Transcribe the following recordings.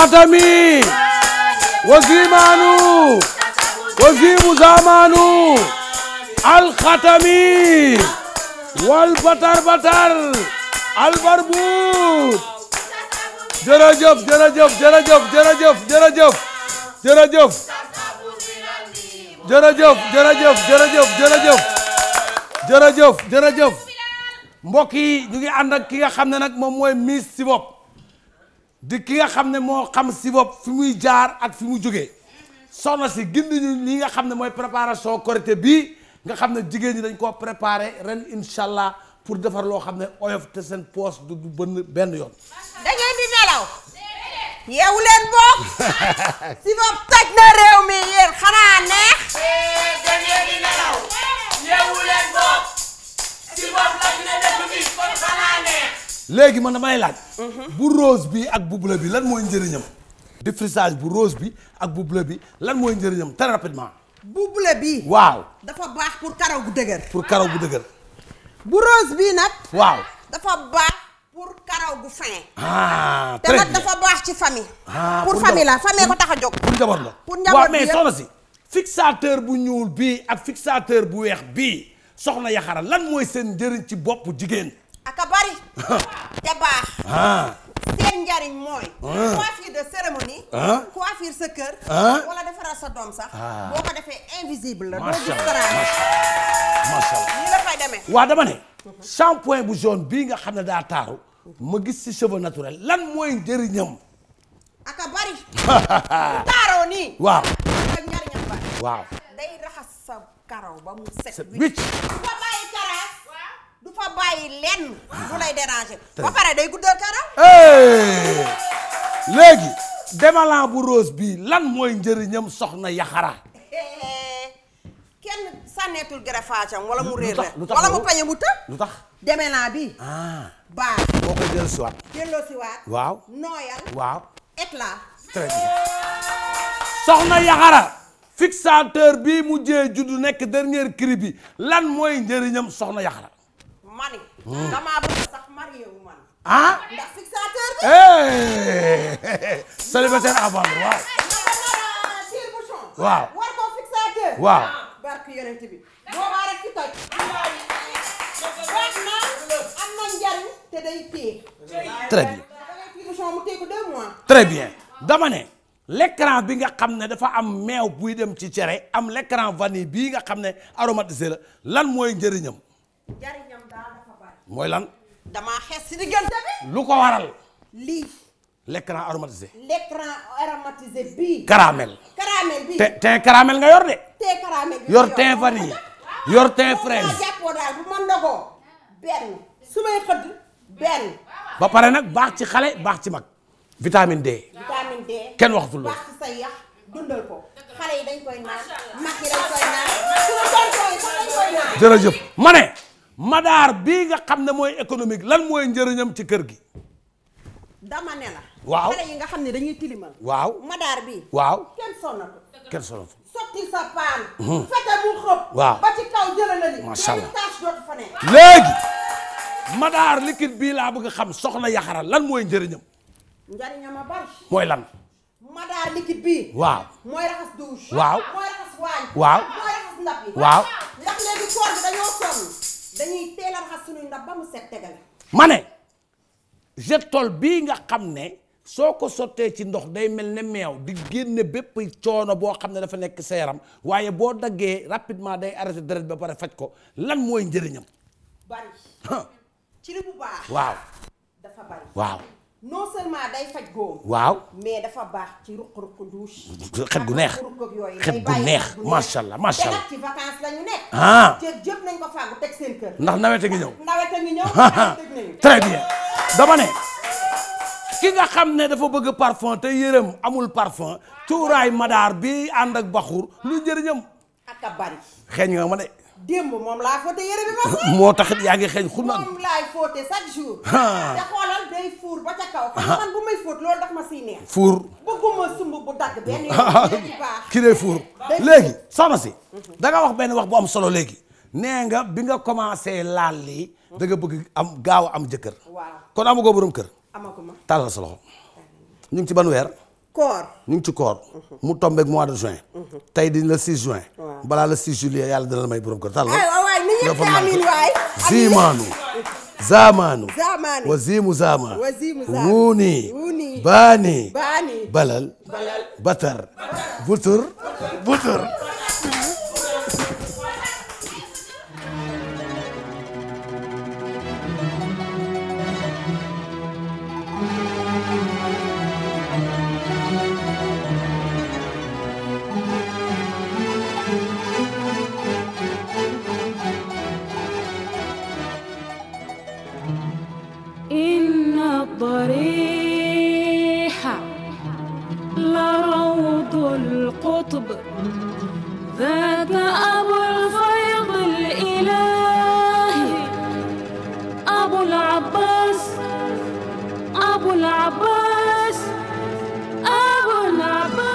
خطمي وزيمانو وزيم زمانو الخطمي والبتر بتر البربوط jërëjëf jërëjëf jërëjëf jërëjëf jërëjëf jërëjëf jërëjëf jërëjëf jërëjëf jërëjëf jërëjëf jërëjëf mbokk yi ñu ngi ànd ak ki nga xam ne nag moom mooy di ki nga xam ne moo xam si bopp fi muy jaar ak fi mu jógee soxna si gindi ñu li nga xam ne mooy préparation Korité bi nga xam ne jigéen ñi dañ koo préparé ren incha allah pour defar loo xam ne oyof te seen poos du bënn benn yoon. da di nelaw. yeewu leen boog. si bopp na réew mi yéen xanaa neex. léegi man damay laaj. Mhm. bu rose bi ak bu bi lan mooy njëriñam. défrisage bu rose bi ak bu bi lan mooy njëriñam très rapidement. bu bi. waaw dafa baax pour karaw bu dëgër. pour karaw bu dëgër. bu rose bi nag. waaw dafa baax pour karaw bu fin. ah très te nag dafa baax ci famille. ah pour famille la famille ko tax a jog pour njaboot la pour njaboot bi mais soxna si. fixateur bu ñuul bi ak fixateur bu weex bii soxna Yaxara lan mooy seen njëriñ ci boppu jigéen. aka bari te baax ah. seen njariñ mooy ah. coiffure de cérémonie ah. coiffure sa kër wala defaral sa doom sax boo ko defee invisible la doo gis saraan mhm. bu jaune bii nga xam ne daa taaru gis ci cheveux lan mooy njëriñam raxas sa karaw ba mu set wicc du fa bàyyi lenn lu ah. lay déranger. ba pare day guddal karam. léegi démalant bu roos bii lan mooy njëriñam soxna Yaxara. kenn sànneetul greffage wala mu réer la wala mu pañe mu të. bi. Ah. baax boo waaw nooyal. waaw éclat. très bien soxna Yaxara. juddu nekk dernier cri bi lan mooy njëriñam soxna Yaxara. mani très bien mu téye dama ne l'écran bi nga xam ne dafa am meew buy dem ci cere am l'écran vanille bii nga xam ne aromatisé la lan mooy njëriñam njëriñam mooy lan. damaa xees lu ko waral. lii. l'écran aromatisé. l'écran aromatisé bii. caramel. caramel bii nga yor de. yor teint vanille. yor teint fraise. ma ba pare nag baax ci xale baax ci mag. vitamine D. kenn waxatul loolu. baax ci madaar bii nga xam ne mooy économique lan mooy njëriñam ci kër gi. dama ne la. waaw xam ne dañuy tilimal. waaw madaar bi waaw kenn sonnatu. kenn sonnatu. sotti sa paan. Mhm. fete allah léegi. madaar liquide bii laa bëgg a xam soxna yaxara lan mooy njëriñam. njëriñam a bari. mooy lan. madaar liquide bii. waaw waaw waaw. dañuy teel a raxas suñuy ndab ba mu set tegal. ma ne jet tool bii nga xam ne soo ko sottee ci ndox day mel ne meew di génne bépp coono boo xam ne dafa nekk sa yaram waaye boo daggee rapidement day arrêté deret ba pare faj ko lan mooy njëriñam. bari. ci li waaw. dafa bari waaw. non seulement day faj waaw mais dafa baax ci ruq-ruq douche. xet gu neex xet gu neex macha allah macha allah ci vacances ah. ndax nawet a ngi ñëw nawet a ngi bien dama ne. ki nga xam ne dafa bëgg parfum te yërëm amul parfum cuuraay madaar bi ànd ak baxur lu njëriñam. ak bari. xeeñ nga ma de. démb moom laa fóote yére bi moo taxit yaa ngi xeeñ xunaan moom laay fóote chaque fuur ma siy fuur bëgguma sumb bu dagg benn yoon. ki day fuur léegi soxna si. Mhm. da wax benn wax bu am solo léegi. nee nga bi nga commencé laal lii. da bëgg am gaaw am jëkkër. waaw kon amagoo borom kër. amaguma tàllal sa loxo ñu ngi ci ban weer. koor ñu ngi ci koor. mu tombé mois de juin. tey di la 6 juin. balaa la 6 juillet yàlla la may borom kër. tàllal nga fa naan ziimaanu. zaamaanu. wuuni. baani. baani balal. balal batar. butur. ضريحة لروض القطب ذات أبو الفيض الإلهي أبو العباس أبو العباس أبو العباس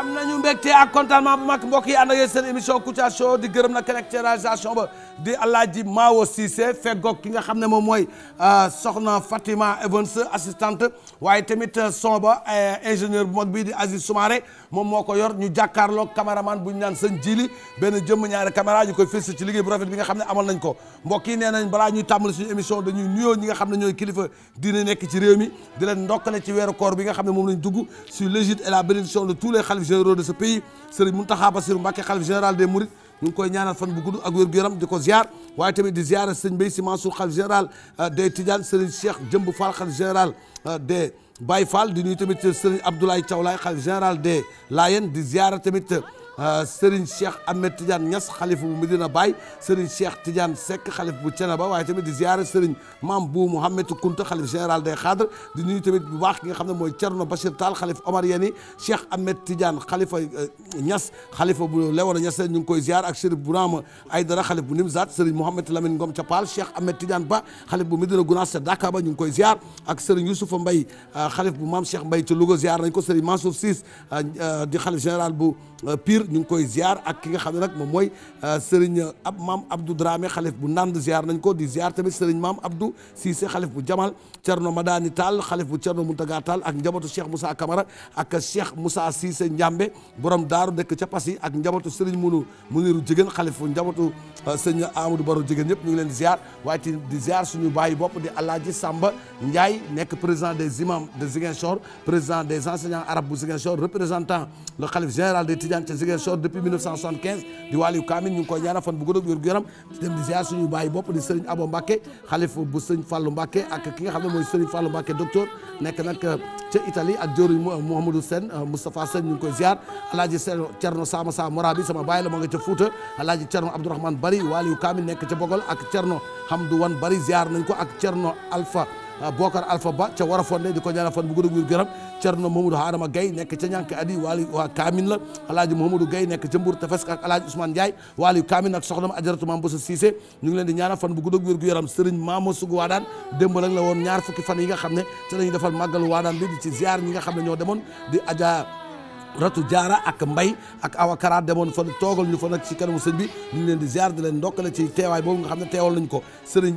am nañu mbégte ak contentement bu mag mbokk yi ànd ak seen émission Kouthia Show di gërëm na caractérisation ba di alaaji Maawo Cissé feggoog ki nga xam ne moom mooy euh, soxna Fatima Evans assistante waaye tamit euh, son ba euh, ingénieur bu mag bii di Aziz Soumaré moom moo ko yor ñu jàkkaarloog caméraman bu ñu naan sëñ Jili benn jëmm ñaari caméra ñu koy fës ci liggéey bu rafet bi nga xam ne amal nañ ko mbokk yi nee nañ balaa ñuy tàmbali suñu émission dañuy nuyoo ñi nga xam ne ñooy kilifa dina nekk ci réew mi di leen ndokkale ci weeru koor bi nga xam ne moom lañ dugg sur l'égide et la bénédiction de tous les khalifes généraux de ñu ngi koy ñaanal fan bu gudd ak wér di ko ziar waaye tamit di ziar sëñ Mbaye Sy Mansour xalif général euh, des Tidiane Serigne Cheikh Jëmb Fall xalif général euh, de Baye Fall di nuyu tamit Serigne Abdoulaye Thiaw Laye xalif général des Layène di ziar tamit Euh, Serigne Cheikh Ahmed Tidiane Niass xalif bu Medina Baye Serigne Cheikh Tidiane Seck xalif bu Thiénaba waaye tamit di ziyaare Serigne Maam bu Mouhamed Kounta xalif général des Khadres di nuyu tamit bu baax ki nga xam ne mooy Thierno Bachir Tall xalif Omar Yeni Cheikh Ahmed Tidiane xalifa euh, Niass xalifa bu Léona Niass ñu ngi koy ziyaar ak Chérif Bourama Aydara xalif bu Nimzat Serigne Mouhamed Lamine Ngom Thiapal Cheikh Ahmed Tidiane Ba xalif bu Medina Gounass Dakar ba ñu ngi koy ziyaar ak Serigne Youssoufa Mbaye euh, xalif bu Maam Cheikh Mbaye ci Louga ziyaar nañ ko Serigne Mansour Ciss di xalif général bu Euh, Pire ñu ngi koy ziar ak ki nga xam ne rek moom mooy euh, Serigne euh, ab maam Abdou Dramé xalif bu Ndande ziar nañ ko di ziar tamit Serigne maam Abdou Cissé xalif bu Jamal Thierno Madani Tall xalif bu Thierno Mountaga Tall ak njabootu Cheikh Moussa Camara ak Cheikh Moussa Cissé Ndiambé borom daaru dëkk ca Passy ak njabootu Serigne Munu Muniru Jigéen xalif bu njabootu Serigne Amadou Baro Jigéen ñëpp ñu ngi leen di ziar waaye ci di suñu bàyyi bopp di Alaaji Samba Ndiaye nekk président des imams de Ziguinchor président des enseignants arabes bu représentant le xalif général des Tidiane ca Ziguinchor depuis 1975 di waaliyu Kaamil ñu ngi koy ñaanal fan bu gudd wér gu yaram di dem di ziar suñu bàyyi bopp di Serigne Abo Mbacke xalif bu Serigne Fallou Mbacke ak ki nga xam ne mooy Serigne Fallou Mbacke docteur nekk nag euh, ca Italie ak jëriñ Mouhamadou Sène euh, Moustapha Sène ñu ngi koy ziar alaaji Cerno Sama Sama Morabi sama bàyyi la ma nga ca Fouta alaaji Cerno Abdourahmane Bari waaliyu Kaamil nekk ca ak Cerno Hamdou Wan Bari ziar nañ ko ak Cerno Alpha Ah, Bokar Alpha Ba ca war a fonde di ko ñaanal fan bu gudd ak wér gërëm Cerno Mamadou Hadama Gaye nekk ca ñànk adi waali waa Kaamin la alaaji Mamadou Gaye nekk ca Mbour Tefes ak alaaji Ousmane Ndiaye waaliyu Kaamin ak soxnam Ajaratu Mam Bosa Cissé ñu leen di ñaanal fan bu gudd ak wér gu Waadaan démb la woon ñaar fukki fan yi nga xam ne ci lañuy defal màggalu Waadaan bi di ci ziar ñi nga xam ne ñoo di aja ratu ak mbay ak awakara demoon fa toogal ñu fa nag ci kanamu sëñ bi ñu leen di ziar di leen ndokkale ci teewaay boobu nga xam ne teewal nañ ko sëriñ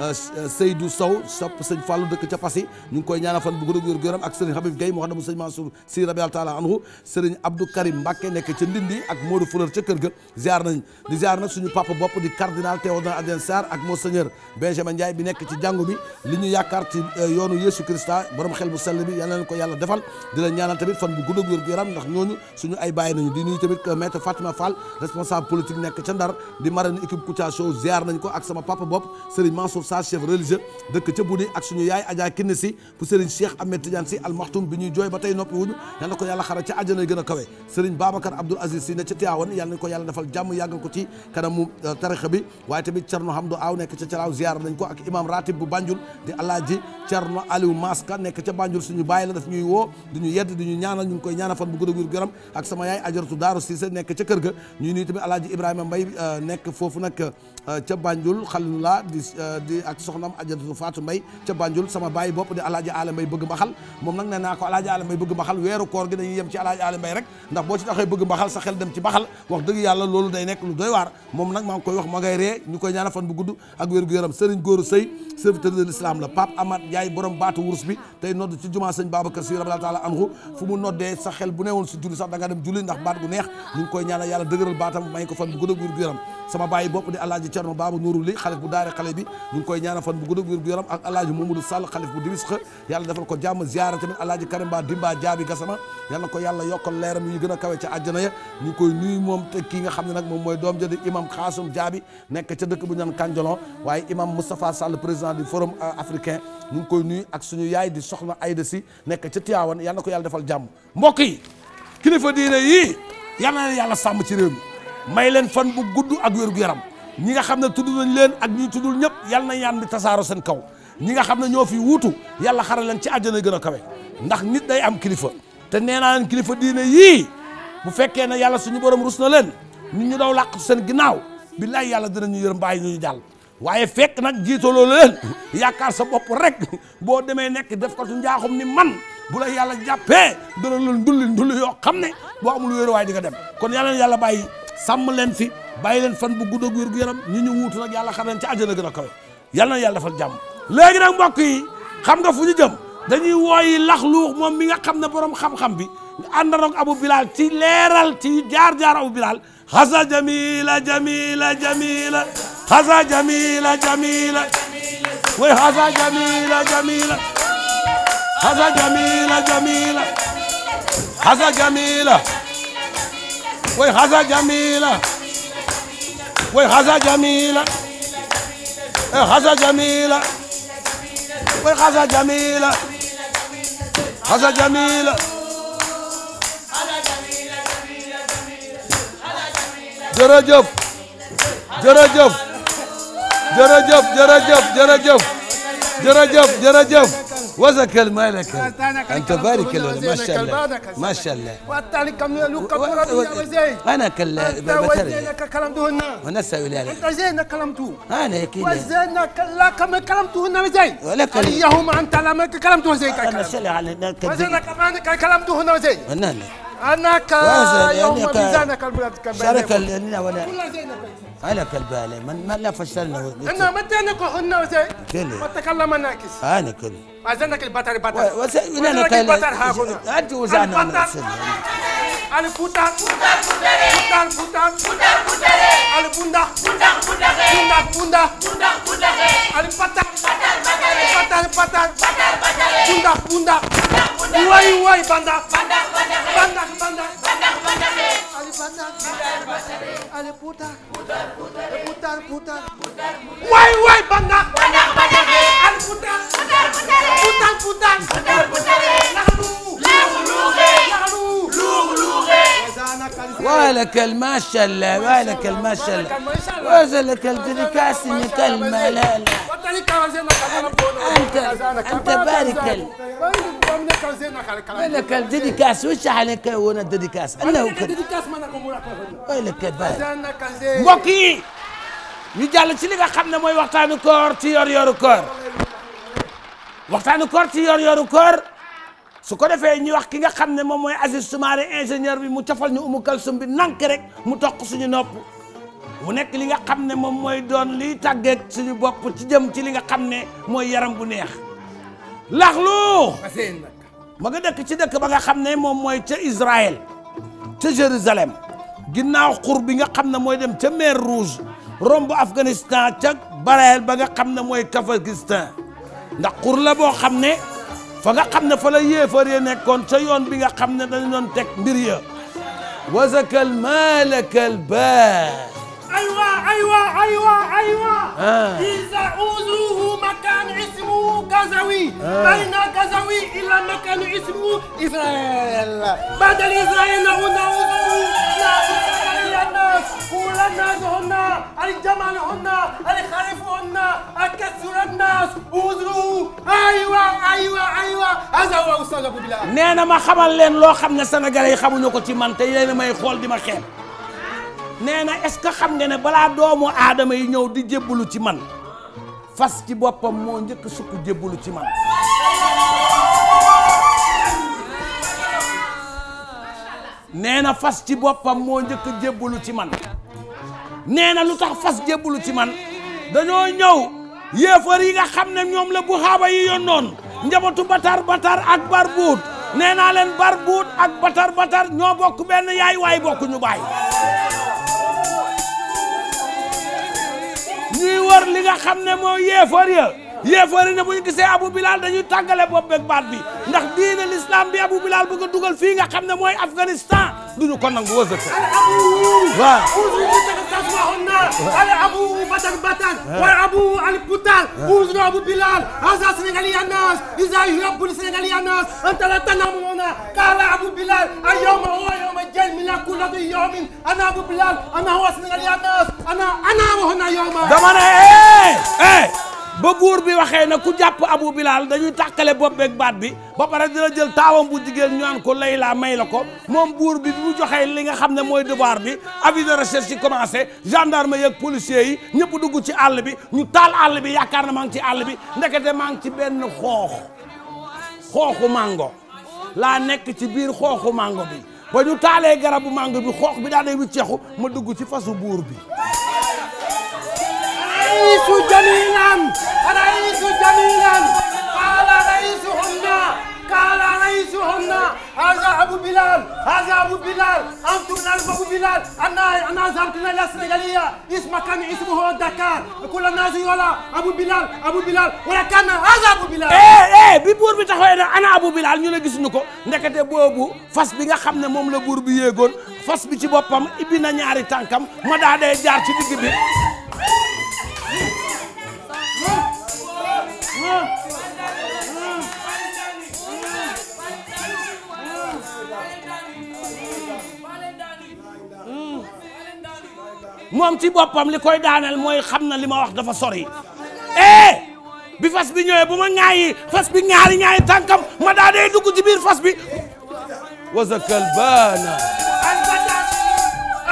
Euh, euh, Seydou Sow sopp sëñ Fallou dëkk ca Passy ñu ngi koy ñaanal fan bu gërëm wér yaram ak sëriñ Habib Gueye mu wax na mu sëñ Mansour si rabi taala anhu sëriñ Abdou Karim Mbacke nekk ca Ndindi ak Modou Fuleur ca kër ga ziar nañ di ziar nag ñu yaakaar ci euh, yoonu Yesu Christa borom bu sell bi yal na ko yàlla la ñaanal tamit fan bu gërëm wér yaram ndax ñooñu suñu ay bàyyi nañu di nuyu tamit maître Fatima Fall responsable politique nekk ca Ndar di marraine équipe Kouthia Show ziar nañ ko ak sama papa bopp sëriñ Mansour Youssouf Sarr chef religieux dëkk ca Budi ak suñu yaay Adja si bu Serigne Cheikh Ahmed Tidiane si almaxtum bi ñuy jooy ba tey noppi wuñu yal na ko yàlla xara ca àjjana gën a kawe Serigne Babacar Abdoul Aziz si ne ca Tiwaawan yal nañ ko yàlla euh, ko ak imam ratib bu Banjul di Alaaji Cerno Aliou Maska nekk ca Banjul suñu bàyyi la daf ñuy woo di ñu yedd di ñu ñaanal ñu ngi koy ñaanal fan bu gudd a yaram ak sama yaay Ajaratu Daaru Siise nekk ca kër ga ñuy nuyu tamit Alaaji Ibrahima Mbay euh, nekk foofu nag Euh, ca Banjul xalilulaa di euh, di ak soxnam ajatu Fatou Mbaye ca Banjul sama bàyyi bopp di alaaji Ala Mbaye bëgg mbaxal moom nag nee naa ko alaaji Ala Mbaye bëgg mbaxal weeru koor gi dañuy yem ci alaaji Ala Mbaye rek ndax boo ci taxee bëgg mbaxal sa xel dem ci mbaxal wax dëgg yàlla loolu day nekk lu doy waar moom nag maa ngi koy wax ma nga ree ñu koy ñaana fan bu gudd ak wér gu yaram Serigne Gora Seye serviteur de l'islam la Pape Amad Ndiaye borom baatu wurus bi tey nodd ci jumaa sëñ Babacar Sy sa xel bu neewoon si julli sax da nga dem julli ndax baat bu neex ñu koy ñaanal yàlla dëgëral baatam may ko fan bu gudd ak wér sama bàyyi bopp di alaaji Cerno Baaba Nuuru li xalif bu daare xale bi ñu koy ñaanal fan bu gudd wér gu yaram ak alaaji Mamadou Sall xalif bu diwis xa yàlla defal ko jàmm ziyaara tamit alaaji Karim Ba Dimba Jaabi Gasama yàlla ko yàlla yokkal leeram yu gën a kawe ca àjjana ya ñu ngi koy nuyu moom te kii nga xam ne nag moom mooy doom ja di imam Xaasum Jaabi nekk ca dëkk bu ñaan Kanjolon waaye imam Moustapha Sall président du forum euh, africain ñu ngi koy nuyu ak suñu yaay di soxna Ayda Si nekk ca Tiwaawan yàlla ko yàlla defal jàmm mbokk yi kilifa diine yii yal na leen yàlla sàmm ci réew mi may leen fan bu gudd ak wér yaram ñi nga xam ne tudd nañ leen ak ñi tuddul ñëpp yal na yaan bi tasaaro seen kaw ñi nga xam ne ñoo fi wuutu yàlla xare leen ci àjjana gën a kawe ndax nit day am kilifa te nee naa leen kilifa diine yii bu fekkee ne yàlla suñu borom rus na leen ñun ñu daw làq seen ginnaaw billaay yàlla dinañu yër bàyyi ñu jàll waaye fekk nag jiitaloo leen yaakaar sa bopp rek boo demee nekk def ko tu njaaxum ni man bu la yàlla jàppee dana leen dulli ndulli yoo xam ne boo amul wéeruwaay di nga dem sàmm leen fi bàyyi leen fan bu gudd ak wér gu ñu ñu wuutu nag yàlla xam leen ci àjjana gën a na yàlla defal jàmm léegi nag mbokk yi xam nga fu ñu jëm dañuy wooyi lax luux moom mi nga xam ne borom xam-xam bi àndandoo Abu Bilal ci leeral ci jaar-jaar Abu Bilal xasa jamila jamila jamila xasa jamila jamila way xasa ويخزا جميلة ويخزا جميلة خزا جميلة ويخزا جميلة وزك المالك أنت بارك له ما شاء الله ما شاء الله وأتالي كم لوك أنا كلا وزينك كلمتهن وأنا سأقول لك أنت زينك كلمته أنا أكيد وزينك لا كم كلمتهن زي ولك اليهما أنت لما كلمته زي كلمته على وزينك كمان كلمتهن زي أنا أنك يوم ميزانك شارك لنا ولا هلك البالي من ما لا فشلنا انا ما تنك حنا وزي ما تكلم ناكس انا كل وزنك البطر بطر وزنك البطر هاكنا انت وزعنا البطر بطر بطر بطر بطر البندا بندا بندا بندا بندا بندا البطر بطر بطر بطر بطر بطر بندا بندا واي واي بندا بندا بندا bandak bandak bandak bandak ali bandak ali putar putar putar putar putar putar waay waay bandak bandak bandak ali putar putar putar putar putar putar putar laxalu laxalu luuge laxalu luuge luuge ولك الماشا لا ولك الماشا لا وزلك الدركاسنك الملالة أنت أنت بارك ولك الدركاس وش عليك وانا الدركاس الله وكذا ولك بارك mbokk yi ñu jàll ci li nga xam ne mooy waxtaanu koor ci yor-yoru koor waxtaanu koor ci yor-yoru koor. su ko defee ñi wax ki nga xam ne moom mooy Aziz Soumaré ingénieur bi mu cofal ñu umu kalsum bi nank rek mu toq suñu nopp mu nekk li nga xam ne moom mooy doon liy tàggeeg suñu bopp ci jëm ci li nga xam ne mooy yaram bu neex laxlu ma nga dëkk ci dëkk ba nga xam ne moom mooy ca Israël ca Jérusalem ginnaaw xur bi nga xam ne mooy dem ca mer Rouge romb Afghanistan ca Bareel ba nga xam ne mooy Kazakhstan ndax xur la boo xam ne fa nga xam ne fa la yéefar ya nekkoon ca yoon bi nga xam ne dañu doon teg mbir ya wasakal malakal ba أيوة أيوة أيوة أيوة آه. إذا أوزوه مكان اسمه كزوي آه. بين كزوي إلى مكان اسمه إسرائيل بدل إسرائيل هنا أوزوه قول الناس هنا الجمل هنا الخريف هنا كسر الناس وزروا ايوه ايوه ايوه هذا هو استاذ ابو بلال nee na ma xamal leen loo xam ne sénégalais yi xamuñu ko ci man te yéen a may xool di ma xeeb nee na est-ce que xam nga ne balaa doomu aadama yi ñëw di jébbalu ci man fas ci boppam moo njëkk sukk ci man nee na fas ci boppam moo njëkk jébbalu ci man nee na lu sax fas jébbalu ci man dañoo ñëw yéefar yi nga ne ñoom la bu xaaba yi yónnoon njabootu batar batar ak barbuut nee naa leen barbuut ak batar batar ñoo bokk benn yaay waaye bokkuñu baay ñuy war li nga xam ne moo yeefoor ya yéefari ne bu ñu gisee Abu Bilal dañuy tàggale bopp beeg baat bi ndax diine l'islam bi Abu Bilal bëgg dugal fii nga xam ne mooy Afghanistan duñu ko nangu wërsëg waaw ala abu badan batan eh. wala abu al butal uusno abu bilal hasa sénégali anas isa yobul sénégali anas anta la tanamuna kala abu bilal al yawma huwa yawma jami la kullu di ana abu bilal ana huwa sénégali anas ana ana wa huna yawma dama ne eh, eh. ba buur bi waxee na ku jàpp Abu Bilal dañuy tàkkale bopp beeg baat bi ba pare dina jël taawam bu jigéen ñu naan ko Layla may la ko moom buur bi bi mu joxee li nga xam ne mooy devoir bi avis de recherche yi commencé gendarme yeeg policiers yi ñëpp dugg ci àll bi ñu taal àll bi yaakaar na maa ngi ci àll bi ndekete maa ngi ci benn xoox xooxu mango laa nekk ci biir xooxu mango bi ba ñu taalee garabu mango bi xoox bi daal day wicceexu ma dugg ci fasu buur bi الرئيس جميلا الرئيس جميلا قال رئيس هنا قال رئيس هنا هذا ابو بلال هذا ابو بلال انتم نعرف ابو بلال انا انا ذهبتنا الى السنغاليه اسم كان اسمه دكار كل الناس يقول ابو بلال ابو بلال ولكن هذا ابو بلال ايه ايه bi buur bi taxawee ne ana abou bilal ñu ne gis ñu ko ndekete boobu fas bi nga xam ne moom la buur bi yéegoon fas bi ci boppam ibbi na ñaari tànkam ma daa dee jaar ci digg bi moom ci boppam li koy daaneel mooy xam na li ma wax dafa sori eh bi fas bi ñëwee bu ma ñaayi fas bi ñaari ñaari tànkam ma daa dee dugg ci biir fas bi wasakal baana albatar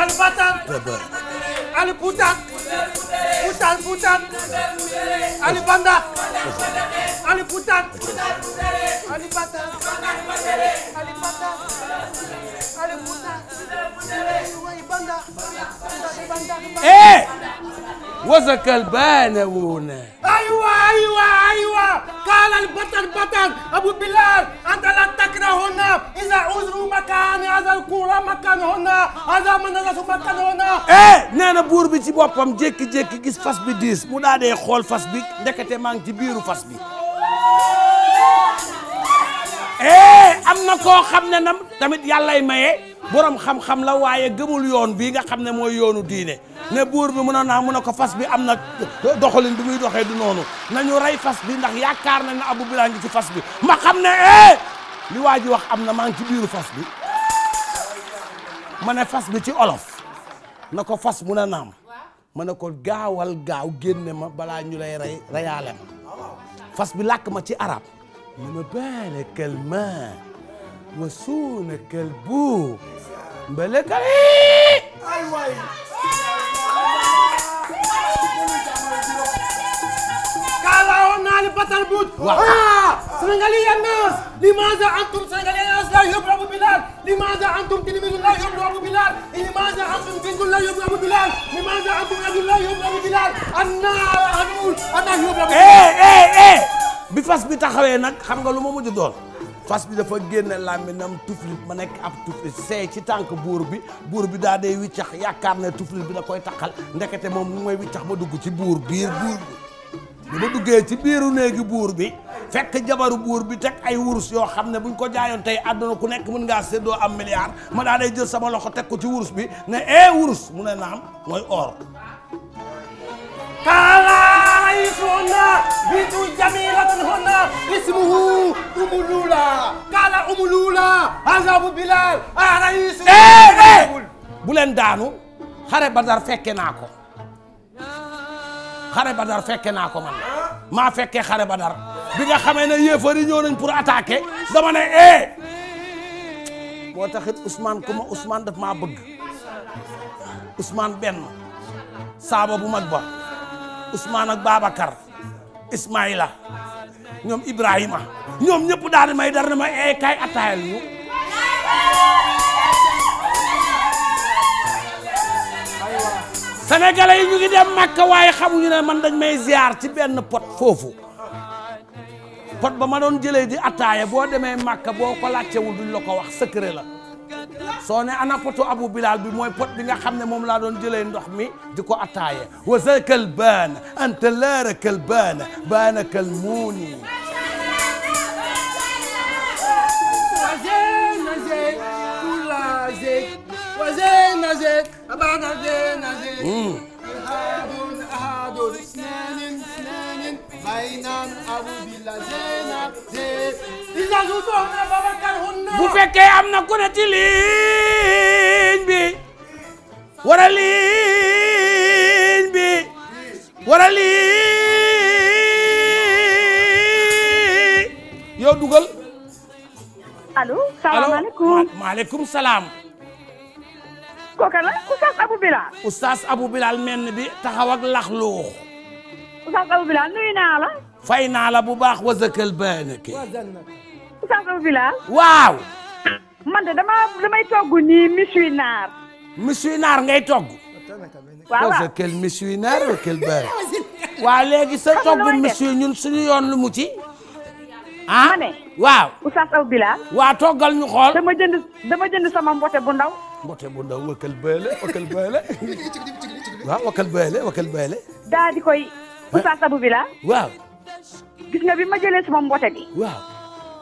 albatar Ali Poutan Poutan Poutan Ali Banda Ali Poutan Ali Banda Ali Banda eh wasakal baana wuuna aywa aywa aywa kaalal batal batal abu bilal anta la takrahuna iza uzru makan azal kura makan hona aza manarasu makan hona eh nee na buur bi ci boppam jékki-jékki gis fas bi diis mu daa dee xool fas bi ndekete maa ngi ci biiru fas bi Eh, am na koo xam ne nam tamit yàllay maye borom xam-xam la waaye gëmul yoon bii nga xam ne mooy yoonu diine ne buur bi mënoon naa mun a ko fas bi am na doxalin bi muy doxee du noonu nañu rey fas bi ndax yaakaar nañ ne Abu Bilal ngi ci fas bi ma xam ne eh, li waa ji wax am na maa ngi ci biiru fas bi ma ne fas bi ci olof na ko fas mun a naam ma ne ko gaawal gaaw génne ma balaa ñu lay rey reyaale ma fas bi làkk ma ci arab مبالك الماء وسونك البوق مبالك ايوه قالوا لنا البطل بود سنغالي يا ناس لماذا انتم سنغالي يا ناس لا يبرم بلال لماذا انتم تلميذ لا يبرم بلال لماذا انتم بنت لا يبرم بلال لماذا انتم رجل لا يبرم بلال انا انقول انا يبرم ايه ايه ايه bi fas bi taxawee nag xam nga lu ma mujj doon fas bi dafa génne làmminam tuflit ma nekk ab tuflit seey ci tànk buur bi buur bi daa dee wiccax yaakaar ne tuflit bi da koy taxal ndekete moom mooy may wiccax ma dugg ci buur biir buur bi ma duggee ci biiru néegi buur bi fekk jabaru buur bi teg ay wurus yoo xam ne buñ ko jaayoon tey àdduna ku nekk mën ngaa séddoo am milliard ma daa dee jël sama loxo teg ko ci wurus bi ne eh wurus mu ne naam mooy or. رئيسهن بنت جميلة هن bu leen daanu xare Badar fekke naa ko xare Badar fekke naa ko man maa fekkee xare Badar bi nga xamee ne yéefar yi ñëw nañ pour attaquer dama ne eh moo taxit Ousmane ku ma daf maa bëgg Ousmane benn saaba bu mag ba. Ousmane ak Babacar Ismaïla ñoom Ibrahima ñoom ñëpp daal di may dar na ma ee eh, kaay attaayal ñu sénégalais yi ñu ngi dem Makka waaye xamuñu ne man dañ may ziar ci benn pot foofu pot ba ma doon jëlee di attaaya boo demee Makka boo ko laajtewul duñ la ko wax secret la soo ne ana poto abu bilal bi mooy pot bi nga xam ne moom laa doon jëlee ndox mi di ko attaaye wasakal baana anta laarakal baana baanakal muuni wa hmm. bu fekkee am na ku ne ci bi wala ligne bi wala ligne yow dugal. allo salaamaaleykum maaleykum salaam. kooka la Oustaz Abou Bilal. Oustaz Abou bi taxaw ak Oustaz Abou Bilal nuyu naa la. fay naa la bu baax wasakal baanake. Oustaz Abou de dama damay togg nii miswinaar. ngay togg. waaw waaw wasakal léegi sa togg ñun suñu yoon lu mu ci. ah ma ne. waaw Oustaz toggal ñu xool. dama jënd dama jënd sama mbote bu ndaw. mbote bu ndaw baale wakal baale. waaw baale wakal koy. Oustaz Abou Bilal gis nga bi ma jëlee sama mbote bi waaw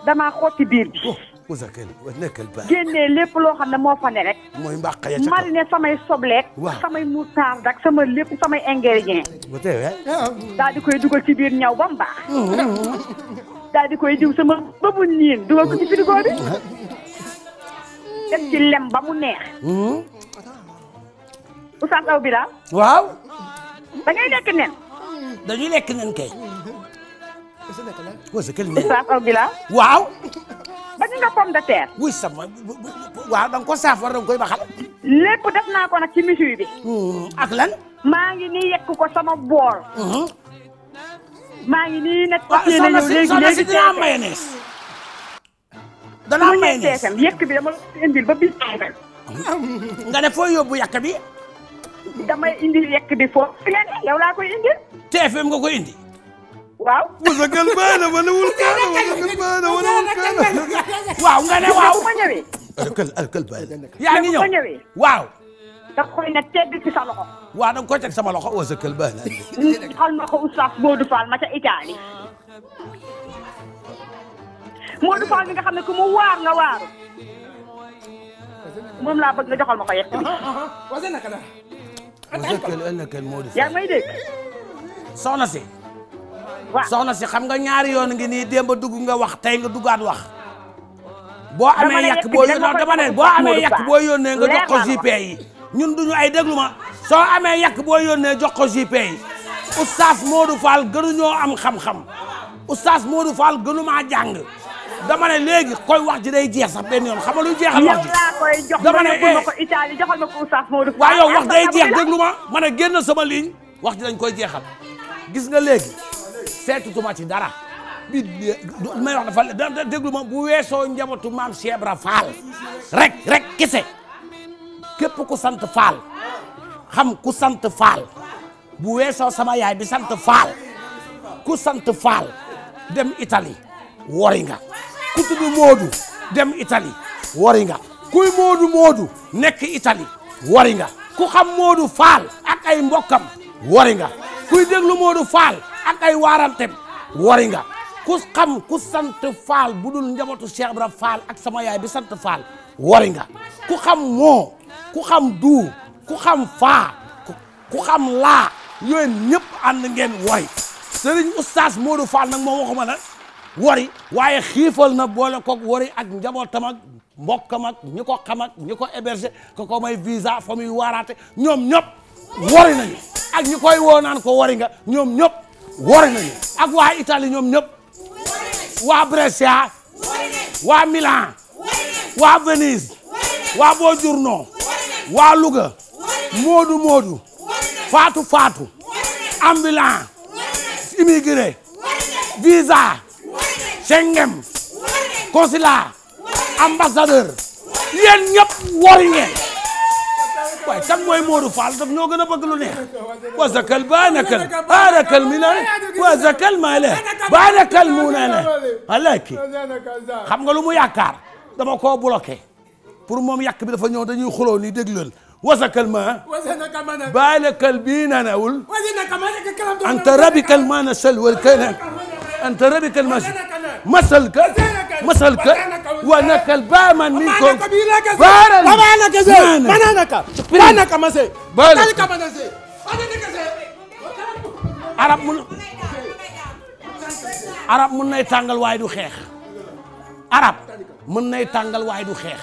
damaa xotti biir bi Ousakal oh, nekkal lépp loo xam ne moo fa rek. mooy mbaq ya ca mariné samay sobleek. waaw samay moutarde ak sama lépp samay ingrédients. bu teewee. daal di koy dugal ci biir ñaw ba mu baax. di koy diw sama ba mu niin dugal ko ci frigo bi. def lem ba mu neex. Hmm? Oustaz Aw Bilal. waaw. da ngay lekk nen. dañuy lekk nen kay. wasa kër yi. saafara bi la. waaw. bañ nga pomme de terre. wuy waaw da nga ko saafara da nga koy baxal. lépp def naa ko nag ci misuy bi. Hmm, ak lan. maa ngi nii yekk ko sama bool. Hmm. maa ngi nii nekk ko si yéen a ñëw léegi léegi dina yekk bi dama la indil ba bis nga yàq bi. damay indi lekk bi foofu leen yow laa koy indi. TFM nga koy indi. waaw. musagal baana wala wul kaana musagal baana wala wul waaw nga ne waaw. ma ñëwee. alkal alkal baana. yaa ngi ñëw waaw. da koy na tedd ci sa loxo. waaw nga koy teg sama loxo musagal baana. xal ma ko Oustaz Modou Fall ma ca Italie. Modou Fall nga xam ne ku mu waar nga waaru. moom laa bëgg nga joxal ma ko yegg. wazakkal ëllëkkal moo di. yaa ngi may soxna si. waaw soxna si xam nga ñaari yoon ngi nii démb dugg nga wax tey nga duggaat wax. boo amee yàq boo yónnee dama ne boo amee yàq boo yónnee nga jox ko yi. ñun duñu ay déglu soo amee yàq boo yónnee jox ko JP yi. oustaz Modou Fall gënuñoo am xam-xam. oustaz Modou Fall gënumaa jàng. dama ne léegi koy wax ji day jeex sax benn yoon xam nga lu jeexal wax ji dama ne eh waaw yow wax day jeex déglu ma ma ne génn sama ligne wax ji dañ jeexal gis nga léegi seetutuma ci dara bi may wax dafa da déglu bu weesoo njabootu maam Cheikh Ibra Fall rek rek kese képp ku sant Fall xam ku sant Fall bu weesoo sama yaay bi sant Fall ku sant Fall dem Italie wori ku tudd Moodu dem Italie wari kuy Moodu Moodu nekk Italie wari nga ku xam Moodu Faal ak ay mbokkam wari nga kuy déglu Moodu Faal ak ay waaranteem wari nga ku xam ku sant Faal bu dul njabootu Cheikh Ibra Faal ak sama yaay bi sant Faal wari nga ku xam moo ku xam duu ku xam faa ku xam laa yooyu ñëpp ànd ngeen wari sëriñ oustaz Moodu Faal nag moo waxuma la wari waaye xiifal na boole koog wari ak njabootam ak mbokkam ak ñi ko xam ak ñi ko héberger ko ko may visa fa muy waaraate ñoom ñëpp wari nañu ak ñi koy woo naan ko wari nga ñoom ñëpp wari nañu ak waa Italie ñoom ñëpp waa Brescia waa Milan waa Venise waa Bourg-Jourdain waa Louga Moodu Moodu Faatu Faatu ambulant immigré visa Schengen consulat ambassadeur yéen ñëpp wori ngeen waaye kan mooy Modou Fall daf ñoo gën a bëgg lu neex wa zakal baanakal baanakal mi na wa mu na ne alaki xam lu mu yaakaar dama koo bloqué pour moom yàq bi dafa ñëw dañuy xuloo ni dégluwul wasakal ma baanakal bii na newul anta rabikal maana salwal kene أنت ربك المسجد مسلك مسلك ونكل باما منكم بارا بارا كذا بارا نكا بارا نكا مسي بارا نكا مسي arab mun arab mun nay tàngal waaye du xeex arab mun nay tàngal waaye du xeex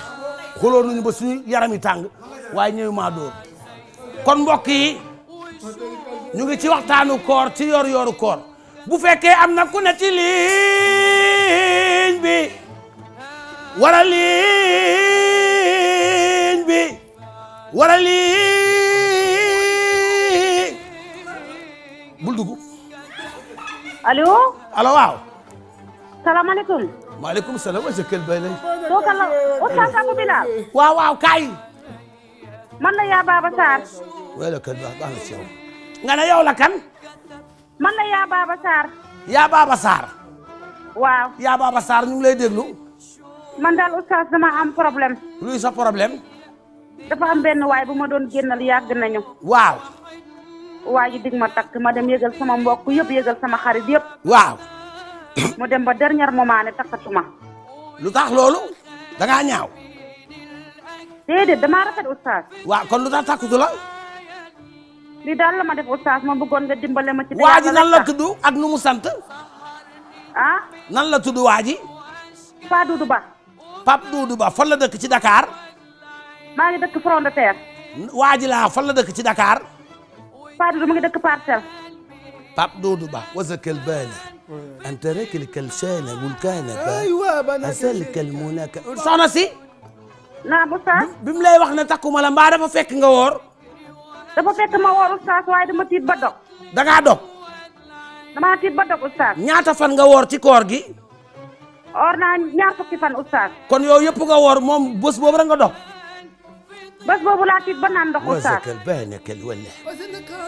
xuloo nuñu ba suñu yaram yi tàng waaye ñëw maa dóor kon mbokk yi ñu ngi ci waxtaanu koor ci yor-yoru koor bu fekkee am na ku ne ci ligne bi wala ligne bi wala ligne bul dugg allo allo waaw salaamaaleykum maaleykum salaam wa jëkkal waaw kaay man la yaa Baba Sarr wala kan baax na nga ne yow la man la yaa Baba Sarr. yaa Baba Sarr. waaw yaa Baba Sarr lay déglu. man daal oustaz dama am problème. luy sa problème. dafa am benn waay bu ma doon génnal yàgg nañu. waaw. waa ji dig ma takk ma dem yëgal sama mbokk yëpp yëgal sama xarit yëpp. waaw. mu dem ba dernier moment ne takkatuma. lu tax loolu. da ngaa ñaaw. déedéet damaa rafet oustaz. waaw kon lu tax takkatu la. lii daal la ma def oustaz ma bëggoon nga dimbale ma. ci waa ji nan la tudd ak nu mu sant. Ah? nan la tudd waaji ji. Pape Ba. Pape Doudou Ba fan la dëkk ci dakaar maa ngi dëkk Front de Terre. laa fan la dëkk ci dakaar Pape Doudou mu ngi dëkk Parcelles. Ba. وزك البال أن ترك الكلشانة والكنبة أيوة بنا أسلك المناكة. soxna si. naam oustaz. bi mu lay wax ne takkuma la mbaa dafa fekk nga woor dafa fekk ma woor oustaz waaye dama tiit ba dog. da ngaa dog. damaa tiit ñaata fan nga woor ci koor gi. or naa ñaar fukki fan oustaz. kon yooyu yëpp nga woor moom bés boobu rek nga dog. bés boobu laa tiit ba naan ndox oustaz.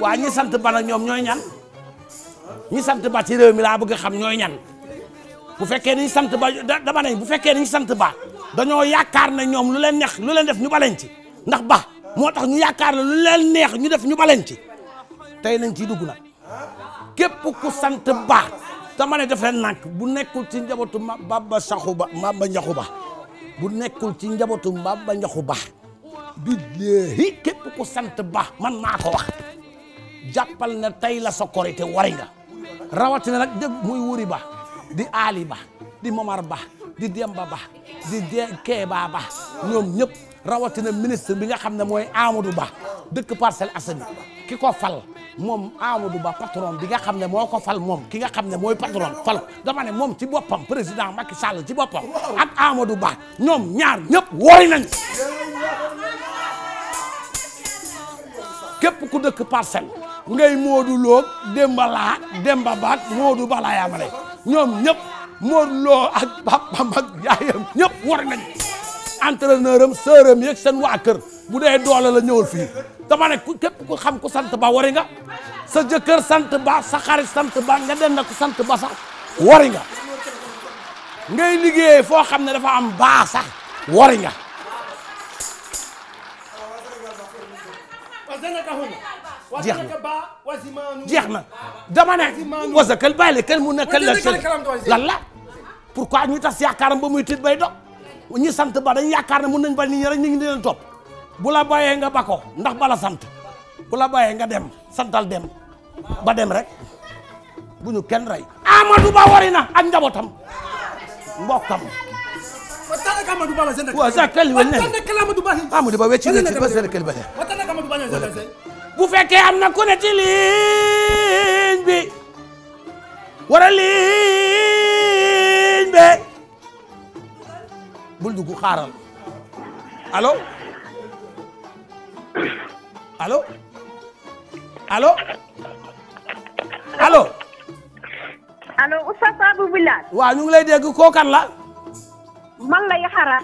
waa ñi sant ba nag ñoom ñooy ñan. ñi sant ba ci réew mi laa bëgg xam ñooy ñan. bu fekkee ni sant ba dama ne bu fekkee ni sant ba dañoo yaakaar na ñoom lu leen neex lu leen def ñu baleñ ci ndax ba. moo tax ñu yaakaar ne lu leen neex ñu def ñu baleñ ci tey nañ ciy dugg nag képp ku sant ba dama ne defee nànk bu nekkul ci njabootu Bamba Saxu Ba Bamba Njaxu Ba bu nekkul ci njabootu Bamba Njaxu Ba billaahi képp ku sant ba man maa ko wax jàppal na tey la sa korite wari rawatina nag dëgg muy wuri ba di aali ba di momar ba di demba ba di kee baa ba ñoom ñëpp rawatina ministre bi nga xam ne mooy Amadou Ba dëkk Parcelles Assainies ki ko fal moom Amadou Ba patron bi nga xam ne moo ko fal moom ki nga xam ne mooy patron fal dama ne moom ci boppam président Macky Sall ci boppam ak Amadou Ba ñoom ñaar ñëpp wooy nañ képp ku dëkk Parcelles ngay Modou Lo Demba Laa Demba Baat Modou Ba laa yamale ñoom ñëpp Modou ak papam ak yaayam ñëpp war entraîneur am sœur am yeeg seen waa kër bu dee doole la ñëwal fii dama ne ku képp ku xam ku sant ba wari nga sa jëkkër sant ba sa xarit sant ba nga den na ku sant ba sa wari nga ngay liggéeyee foo xam ne dafa am baa sax wari nga jeex na jeex na dama ne wasakal bàyyi la kenn mu nekkal la lan la pourquoi ñu tas yaakaaram ba muy tiit bay dox ñu sant ba dañ yaakaar ne mun nañ ba nit ñi rek ñu ngi leen topp bu la bàyyee nga bako ndax bala sant bu la bàyyee nga dem santal dem ba dem rek bu ñu kenn rey Amadou Ba wari na am njabootam mbokkam watanaka Amadou Ba la senda ko zakal wonne watanaka Amadou Ba Amadou Ba wecci bu fekkee am na ku ne ci bi wara ligne bi bul dugg xaaral alo allo allo allo. allo Oustaz Babou Bilal. waaw ñu koo kan la. man la Yaxara.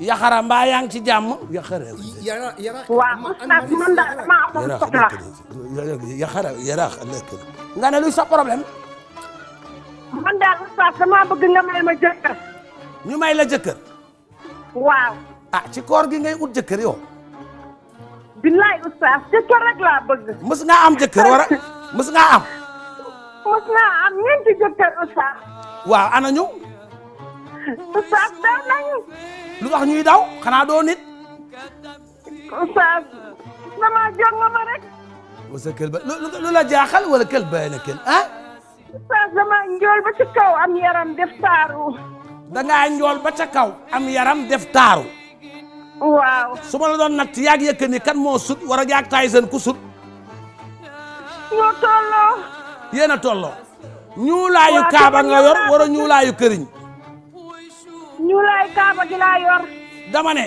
Yaxara mbaa yaa ngi ci jàmm. Yaxara yara yara. waaw Oustaz man daal dama amoon soxla. Yaxara yara nga ne luy sa problème. man daal la jëkkër. waaw. ah ci koor gi ngay ut jëkkër yow. billaay oustaz jëkkër rek laa bëgg. mës ngaa am jëkkër wara mës ngaa am. mës naa am ñeenti jëkkër oustaz. waaw ana ñu. oustaz daw nañu. lu tax ñuy daw xanaa doo nit. oustaz. sama jog ma rek. wasa kël ba lu la jaaxal wala kël ba na kël ah. oustaz dama njool ba ci kaw am yaram def dangaa njool ba ca kaw am yaram def taaru waaw su ma la doon natt yaag Yékini kan moo sut war a yaag Tyson ku sut ñoo tolloo yéen a tollo ñuulaayu kaaba nga yor war a ñuulaayu këriñ ñuulaayu kaaba gi laa yor dama ne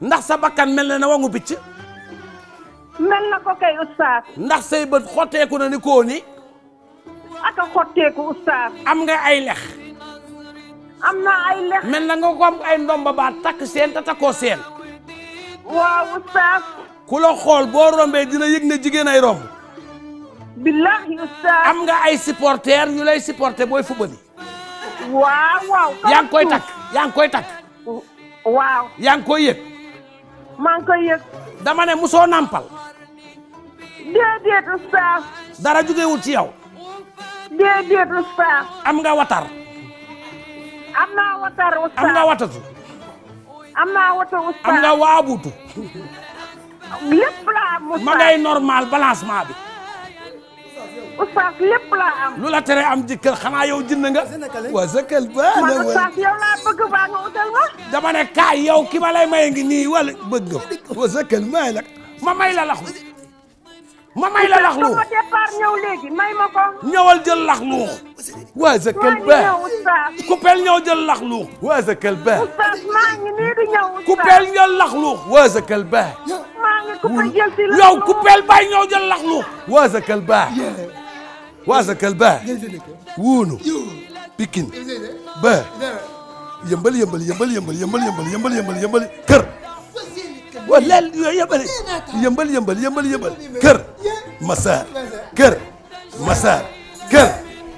ndax sa bakkan mel na ne wangu picc mel na ko kay ustaas ndax say bët xotteeku na ni koo ni aka xotteeku ustaas am nga ay lex am na ay lex. mel na nga ko am ay ndomba ba takk seen te takkoo seen. waaw oustaz. ku la xool boo rombee dina yëg ne jigéen ay romb. billahi oustaz. am nga ay supporter ñu lay supporter booy fubali. waaw waaw. yaa ngi koy takk yaa ngi koy takk. waaw. yaa ngi koy yëg. maa ngi koy dama ne musoo nampal. déedéet oustaz. dara jugewul ci yow. déedéet oustaz. am nga watar. am naa watar ustaz am nga watatu. am naa nga waabutu. lépp la am ustaz ma ngay normal bi. am. lu la tere am jëkkër xanaa yow jënd nga. waa sëkkal baax na man Oustaz yow laa bëgg baa nga utal ma. dama ne kaay yow ki ma ngi nii wala bëgg nga. waa sëkkal may la ma may la laxu. ma may la lax luux départ ñëw léegi may ma ko ñëwal jël lax luux waa sa kel baax coupeel ñëw jël lax luux waa sa kel baax oustaz maa ngi nii di ñëw coupeel jël lax luux waa sa kel baax maa ngi coupeel jël si la yow coupeel bay ñëw jël lax luux waa sa kel baax waa sa kel baax wuunu pikin baax yëmbal yëmbal yëmbal yëmbal yëmbal yëmbal yëmbal yëmbal yëmbal kër wa leel yooyu yëmbali yëmbal yëmbal yëmbal yëmbal kër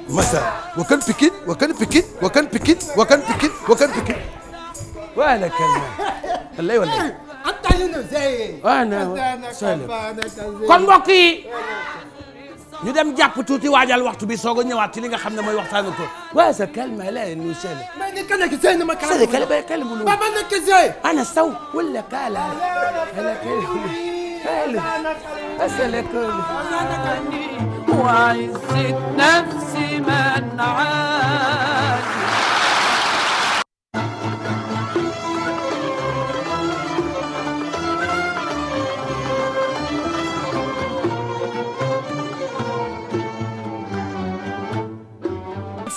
masaar wakan pikin wakan pikin wakan pikin wakan pikin wakan pikin wala wallahi wallahi anta lino zay wana ñu dem jàpp tuuti waajal waxtu bi soog a ñëwaat ci li nga xam ne mooy waxtaanu ko waaye sa kalma la nu sele ma ni kana ki sey ma kala kala ba kala mu baba na ki sey ana saw wala kala kala kala asala kala wa yusrid nafsi man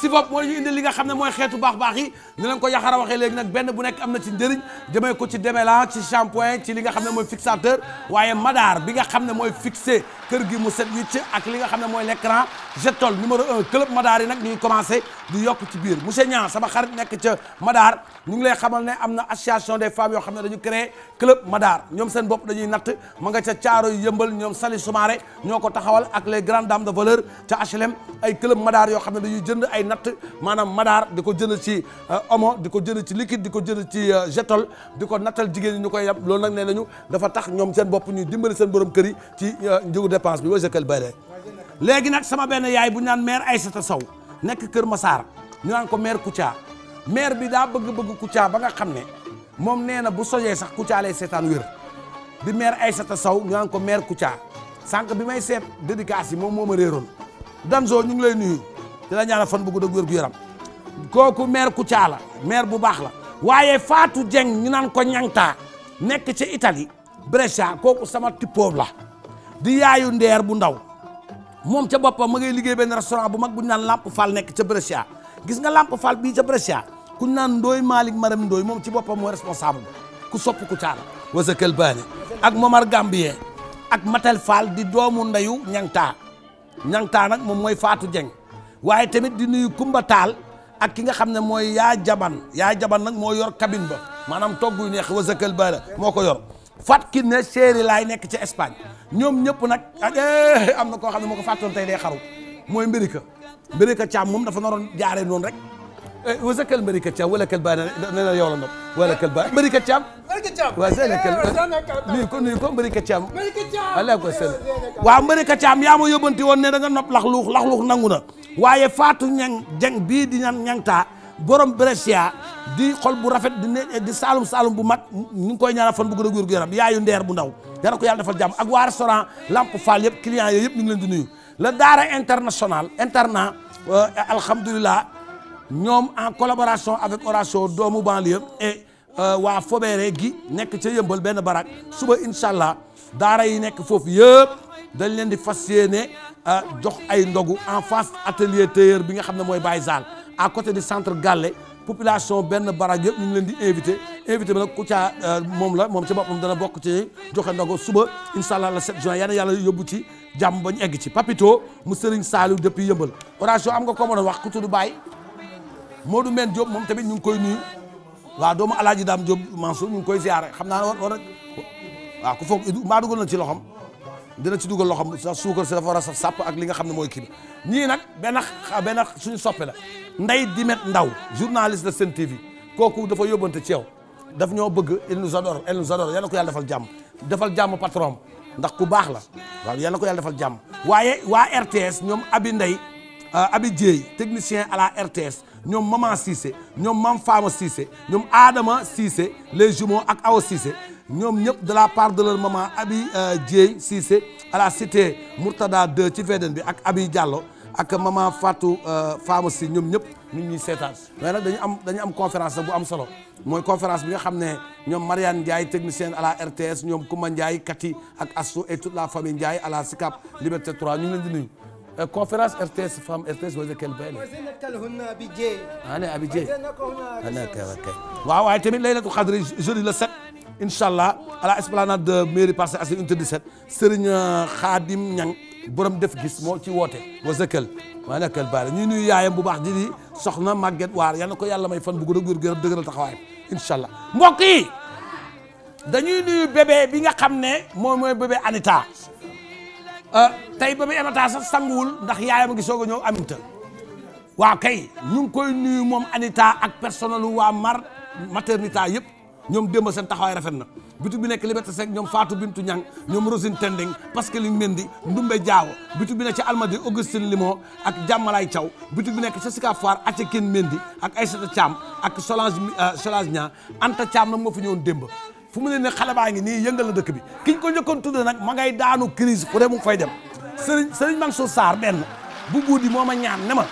si bopp moo ñu indi nga xam ne mooy xeetu baax baax yi ni leen ko yaxara waxee léegi nag benn bu nekk am na ci njëriñ jëmee ko ci démêlant ci shampoing ci li nga xam ne mooy fixateur waaye madaar bi nga xam ne mooy fixé kër gi mu set wicc ak li nga xam ne mooy l'écran jetol numéro un club Madaar yi nag ñuy commencé di yokk ci biir monsieur Niang sama xarit nekk ca Madaar ñu ngi lay xamal ne am na association des femmes yoo xam ne dañu créé club Madaar ñoom seen bopp dañuy natt ma nga ca caaro yëmbal ñoom Sali Soumaré ñoo ko taxawal ak les grandes dames de valeur ca HLM ay club Madaar yoo xam ne dañuy jënd ay natt maanaam Madaar di ko jënd ci euh, omo di ko jënd ci liquide di ko jënd ci euh, jetol di ko nattal jigéen ñi ñu koy yab loolu nag nee nañu dafa tax ñoom seen bopp ñuy dimbali seen borom kër yi ci euh, njëgu dépense bi wa jëkkal bële léegi nag sama benn yaay bu ñu naan ay Aïssata saw nekk Kër Massar ñu naan ko maire Kouthia maire bi daa bëgg-bëgg Kouthia ba nga xam ne moom nee na bu sojee sax Kouthia lay seetaan wér di ay sata Sow ñu naan ko maire Kouthia sànq bi may seet dédicace yi moom moo ma réeroon Danzo ñu ngi lay nuyu di la ñaanal fan bu gudd ak gu yaram kooku maire Kouthia la maire bu baax la waaye faatu Dieng ñu naan ko ñangtaa nekk ci ca Italie Brescia kooku sama tipoob la di yaayu ndeer bu ndaw moom ca boppam ma ngay liggéey benn restaurant bu mag bu ñu naan Lamp Fall nekk ca Brescia gis nga Lamp Fall bii ca Brescia ku ñu Ndooy Malick Maram Ndooy moom ci boppam mooy responsable ku sopp ku caana wasa Kelbaane ak Momar Gambien ak Matel Fall di doomu ndeyu ñangtaa ñangtaa nag moom mooy Faatu Jeng waaye tamit di nuyu Kumba Taal ak ki nga xam ne mooy yaa jaban yaa jaban nag moo yor cabine ba maanaam togg yu neex wasa Kelbaane moo ko yor kin Kiné Chéri laay nekk ci Espagne ñoom ñëpp nag ah, eh, am na koo xam ne moo ko fàttoon tey day xaru mooy Mbirika Mbirika Thiam moom dafa naroon jaaree noon rek eh, wa sa kël Mbirika Thiam wala kel ba ne la yow la wala kël ba Mbirika Thiam waaw seen kël nuyu ko nuyu ko Mbirika Thiam wala ko seen waaw Mbirika Thiam yaa ma yóbbanti woon ne da nga nopp lax luux lax luux nangu na waaye faatu Niang Dieng bii di ñan ñangtaa borom Brescia di xol bu rafet di ne di saalum saalum bu mat ñu ngi koy ñaanal fan bu gën a wér gu yaram yaayu ndeer bu ndaw dana ko yàlla defal jàmm ak waa restaurant Lamp Fall yëpp clients yooyu yëpp ñu ngi leen di la daara international internat euh, alhamdulilah ñoom en collaboration avec Oration doomu banlieue et euh, waa Fobéré gi nekk ca yëmbal benn barak suba incha allah daara yi nekk foofu yëpp dañ leen di fas yéene euh, jox ay ndogu en face atelier tailleur bi nga xam ne mooy Baye à côté du centre Galle population benn barag yëpp ñu ngi leen di invité invité bi nag Kouthia euh, moom la moom ci boppam dana bokk ci joxe ndogu suba incha allah le 7 juin yal na ci jàmm ba egg ci Papito mu Serigne Saliou depuis yëmbal oration am nga ko mën a wax ku tudd Baye Modou Mène Diop moom tamit ñu ngi koy nuyu waaw doomu Alaaji Daam Diop Mansour ñu ngi koy ziare xam naa war war waaw ku foog mbaa dugal na ci loxom dina ci dugal loxam sa suukar si dafa war a saf sàpp ak li xam ne mooy kii bi ñii nag benn benn suñu soppee la Ndeye Dimet Ndaw journaliste de Sen TV kooku dafa yóbbante ci yow daf ñoo bëgg il nous adore il nous yàlla ko yàlla defal jàmm defal jàmm patron ndax ku baax la waaw yàlla ko yàlla defal jàmm waaye waa RTS ñoom Abi Ndeye euh, Abi Dieye technicien à la RTS ñoom Maman Cissé ñoom Mam Fama Cissé ñoom Adama Cissé les jumeaux ak Awa Cissé ñoom ñëpp de la part de leur maman Abi euh, Dieye Cissé à la cité Mourtada 2 ci Védène bi ak Abi Diallo ak maman Fatou pharmacie euh, ñoom ñëpp ñu ñuy seetaan mais nag dañu am dañu am conférence bu am solo mooy conférence bi nga xam ne ñoom Marianne Ndiaye technicienne à la RTS ñoom Kouma Ndiaye Kati ak Astou et toute la famille Ndiaye à la SICAP Liberté 3 ñu ngi leen di nuyu. Euh, conférence RTS femme RTS wala waaye tamit lay la xadri jeudi le 7. incha allah à la esplanade de mairie Parcelles Assainies unité 17 Serigne euh, Khadim Niang borom def gis moo ci woote wa sëkkal maa nekkal baale ñuy nuyu yaayam bu baax di soxna Maguette Waar yal na ko yàlla may fan bu gën a góor gërëm dëgëral taxawaayam allah mbokk yi dañuy nuyu bébé bi nga xam ne moom mooy bébé Anita euh, tey bébé Anita sax sanguwul ndax yaayam gi soog a ñëw Aminta waaw kay ñu ngi koy nuyu moom Anita ak personnel waa Mar maternité yëpp. ñoom démb seen taxawaay rafet na bitu bi nekk Liberté 5 ñoom Fatou Bintou Niang ñoom Rosine Tendeng Pascaline Mendy Ndumbe Diawo bitu bi nekk ca Almadi Augustine Limon ak Jàmmalaay Thiaw bitu bi nekk ca Sicap Foire Aca Ken Mendy ak Aïssata Thiam ak Solange euh, Solange Niang Anta Thiam nag moo fi ñëwoon démb fu mu ne ne xale baa ngi nii yëngal na dëkk bi kiñ ko njëkkoon tudd nag ma ngay daanu crise fu dee mu fay dem Serigne Serigne Mansour Sarr benn bu guddi moom ma ñaan ne ma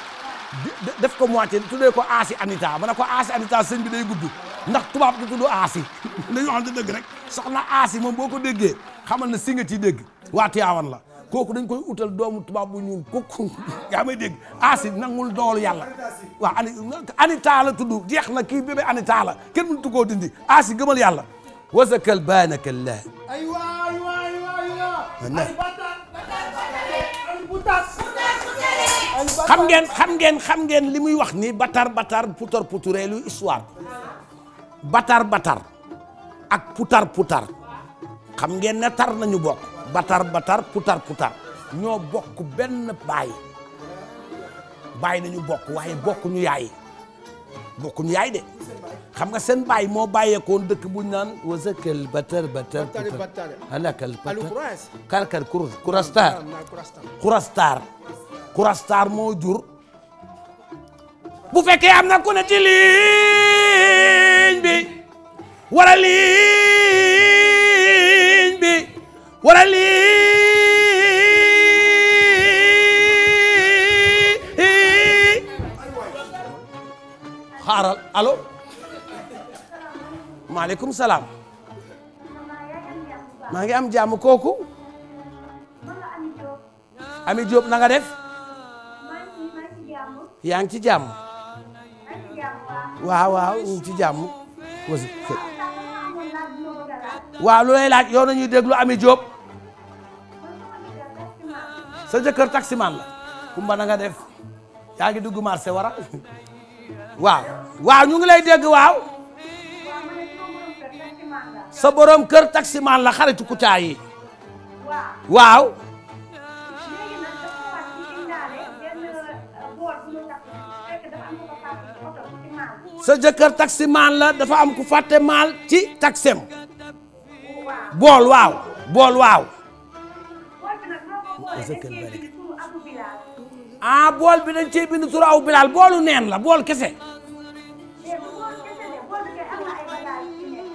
def ko mu tuddee ko Asi Anita ma ne ko Asi Anita sëñ bi ndax tubaab du tudd aasi dañoo xam te soxna aasi moom boo ko déggee xamal na si nga ciy dégg waa la kooku dañ koy utal doomu tubaab bu ñuul kooku yaa may dégg aasi nangul doolu yàlla waaw ani anita la tudd jeex na kii bébé anita la kenn mënut koo dindi aasi gëmal yàlla wasakal baanaka llah ay waay waay waay ngeen xam ngeen xam ngeen li muy wax ni batar batar putar puturee lu batar batar ak putar putar xam ngeen ne tar nañu bokk batar batar putar putar ñoo bokk benn baay baay nañu bokk waaye bokkuñu yaay bokkuñu yaay de xam nga seen baay moo bàyyeekoon dëkk bu ñu naan wasakal batar batar putar alakal batar karkar kurastar kurastar kurastar moo jur bu fekkee am na ku ne ci bi wara ligne bi wara ligne xaaral allo maaleykum salaam maa ngi am jàmm kooku Ami Diop na nga def yaa ngi ci jàmm waaw ngi ci jàmm waaw lu lay laaj yow nañuy déglu Ami Diop sa jëkkër taximaan la kumba na nga def yaa ngi dugg marché wara waaw waaw ñu ngi lay dégg waaw sa borom kër taximaan la xaritu Kouthia yi waaw sa jëkkër taximaan la dafa am ku fàtte maal ci taxem bool waaw bool waaw ah bool bi dañ cee bind turu aw bilaal boolu neen la bool kese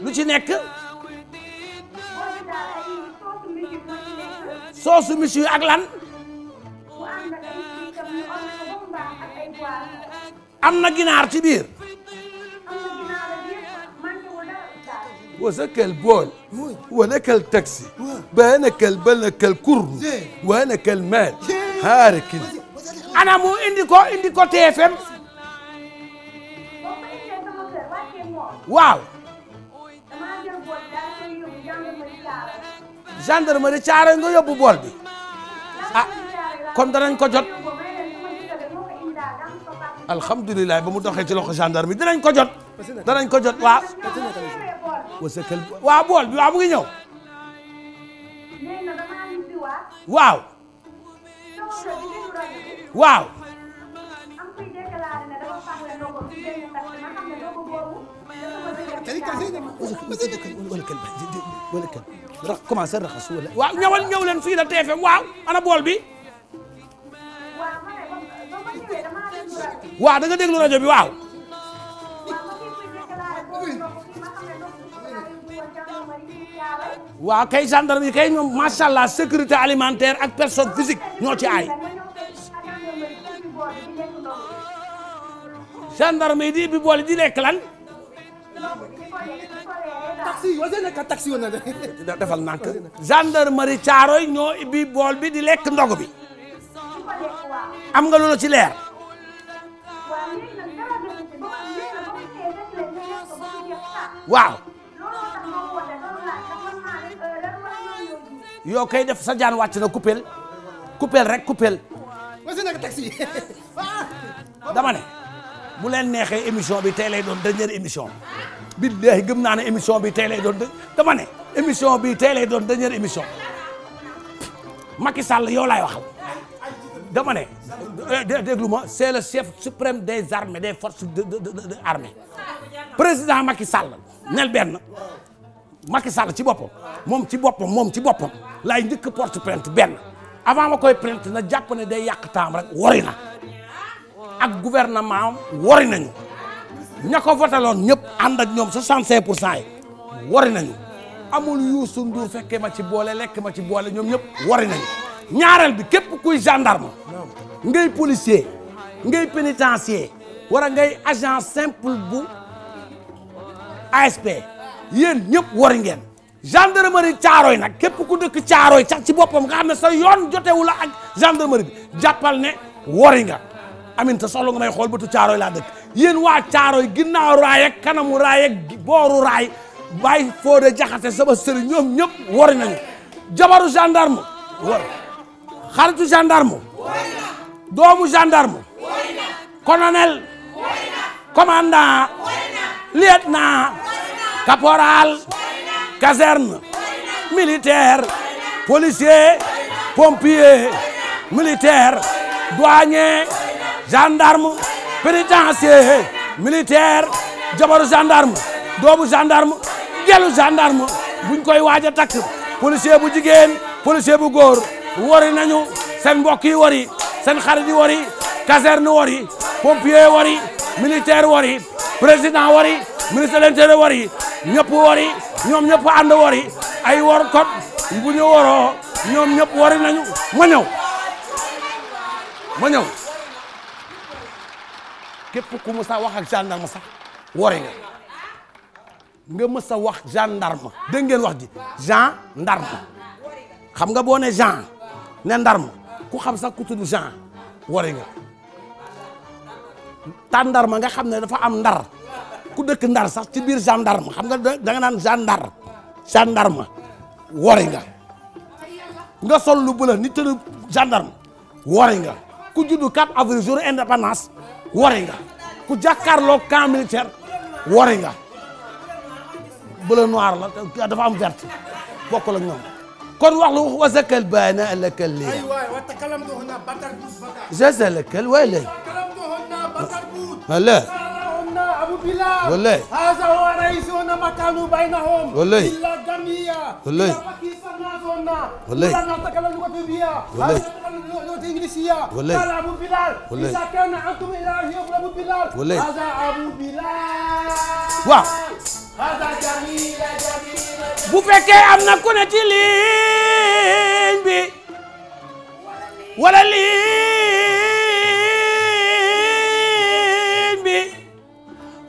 lu ci nekk soosu monsieur ak lan am na ginaar ci biir وذاك البول ونك التاكسي بانك البنك الكرن وانك المال هارك انا مو انديكو انديكو تي اف ام waaw gendarmerie caare nga yóbbu bool bi ah kon danañ ko jot alhamdulilah ba mu doxee ci loxo gendarme dinañ ko jot. danañ ko jot waaw. wasakal waaw bool bi waaw mu ngi ñëw. waaw. waaw. wala kan ra commencé raxasu wala waaw ñëwal ñëw leen fii la TFM waaw ana bool bi. waaw da nga déglu rajo bi waaw. waaw kay gendarme kay ñoom macha sécurité alimentaire ak personne physique ñoo ci aay. gendarme yi di bi boole di lekk lan. taxi taxi defal nànk gendarmerie Thiaroye ñoo ibbi bool bi di lekk ndog bi am nga loolu ci leer waaw yow kay def sa jaan wàcc na coupeel coupeel rek coupeel e dama ne bu leen neexee émission bi tey lay doon dernière émission billahi gëm naa ne émission bi tey lay doon dama ne émission bi tey lay doon dernière émission Macky Sall yow laay waxal dama ne eh, déglu ma c'est le chef suprême des armées des forces de de de président Macky Sall nel benn Macky Sall ci boppam moom ci boppam moom ci boppam laay njëkk porte plainte benn avant ma koy plainte na jàpp ne day yàq taam rek wari na ak gouvernement wari nañu ña ko votaloon ñëpp ànd ak ñoom 65 pour cent yi wari nañu amul Youssou Ndour fekkee ma ci boole lekk ma ci boole ñoom ñëpp wari nañu. ñaareel bi képp kuy gendarme ngay policier ngay pénitencier wala ngay agent simple bu ASP yéen ñëpp war ngeen gendarmerie caaroy nag képp ku dëkk caaroy sax ci boppam nga xam ne sa yoon jotewu la ak gendarmerie bi jàppal ne wari nga amin te soxla nga may xool bëtu caaroy laa dëkk yéen waa caaroy ginnaaw raay ak kanamu raay ak booru raay bàyyi foo de jaxate sama sëriñ ñoom ñëpp wari nañu jabaru gendarme xaritu gendarme doomu gendarme colonel commandant lieutenant caporal caserne militaire policier pompier militaire douanier gendarme pénitencier militaire jabaru gendarme doomu gendarme gelu gendarme buñ koy waaj a takk policier bu jigéen policier bu góor wari nañu seen mbokk yi wari seen xarit yi wari caserne wari pompier wari militaire wari président wari ministre de l'intérieur wari ñëpp wari ñoom ñëpp ànd wari ay wor kot bu ñu waroo ñoom ñëpp wari nañu ma ñëw ma ñëw képp ku mës a wax ak gendarme sax wari nga nga mës a wax gendarme dégg ngeen wax ji gendarme nga boo ne ne ndarm ku xam sax ku tudd Jean wari nga tàndarma nga xam ne dafa am ndar ku dëkk ndar sax ci biir gendarme xam nga da naan naan gendarme gendarme wari nga nga sol lu bëla ni tëdd gendarme wari nga ku juddu 4 avril jour indépendance wari nga ku jàkkaarloo camp militaire wari nga bleu noir la dafa am verte bokkul ak ñoom kon wax lu wasakal baana alakal li jasalakal walay ala walay walay walay والله لا نتكلم لغة بها والله لغة إنجليزية والله قال أبو بلال والله إذا كان أنتم إلى أبو بلال والله هذا أبو بلال واو bu fekkee am na ne ci ligne bi wala ligne bi